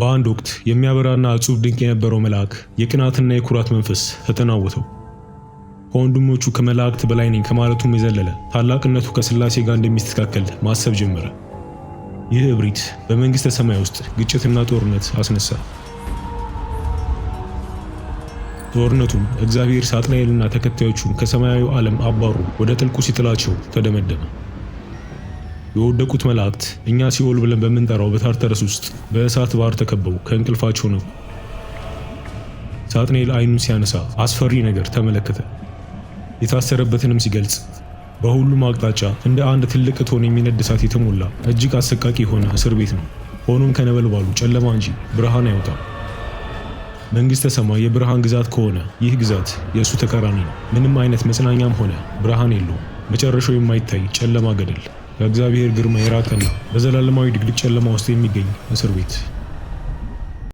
በአንድ ወቅት የሚያበራና እጹብ ድንቅ የነበረው መልአክ የቅናትና የኩራት መንፈስ ተጠናወተው። ከወንድሞቹ ከመላእክት በላይ ነኝ ከማለቱም የዘለለ ታላቅነቱ ከሥላሴ ጋር እንደሚስተካከል ማሰብ ጀመረ። ይህ እብሪት በመንግሥተ ሰማይ ውስጥ ግጭትና ጦርነት አስነሳ። ጦርነቱም እግዚአብሔር ሳጥናኤልና ተከታዮቹን ከሰማያዊ ዓለም አባሩ ወደ ጥልቁ ሲጥላቸው ተደመደመ። የወደቁት መላእክት እኛ ሲኦል ብለን በምንጠራው በታርተረስ ውስጥ በእሳት ባህር ተከበው ከእንቅልፋቸው ነው። ሳጥኔል አይኑን ሲያነሳ አስፈሪ ነገር ተመለከተ። የታሰረበትንም ሲገልጽ በሁሉም አቅጣጫ እንደ አንድ ትልቅ እቶን የሚነድ እሳት የተሞላ እጅግ አሰቃቂ የሆነ እስር ቤት ነው። ሆኖም ከነበልባሉ ጨለማ እንጂ ብርሃን አይወጣም። መንግሥተ ሰማይ የብርሃን ግዛት ከሆነ ይህ ግዛት የእሱ ተቃራኒ ነው። ምንም አይነት መጽናኛም ሆነ ብርሃን የለውም። መጨረሻው የማይታይ ጨለማ ገደል ከእግዚአብሔር ግርማ የራቀና በዘላለማዊ ድቅድቅ ጨለማ ውስጥ የሚገኝ እስር ቤት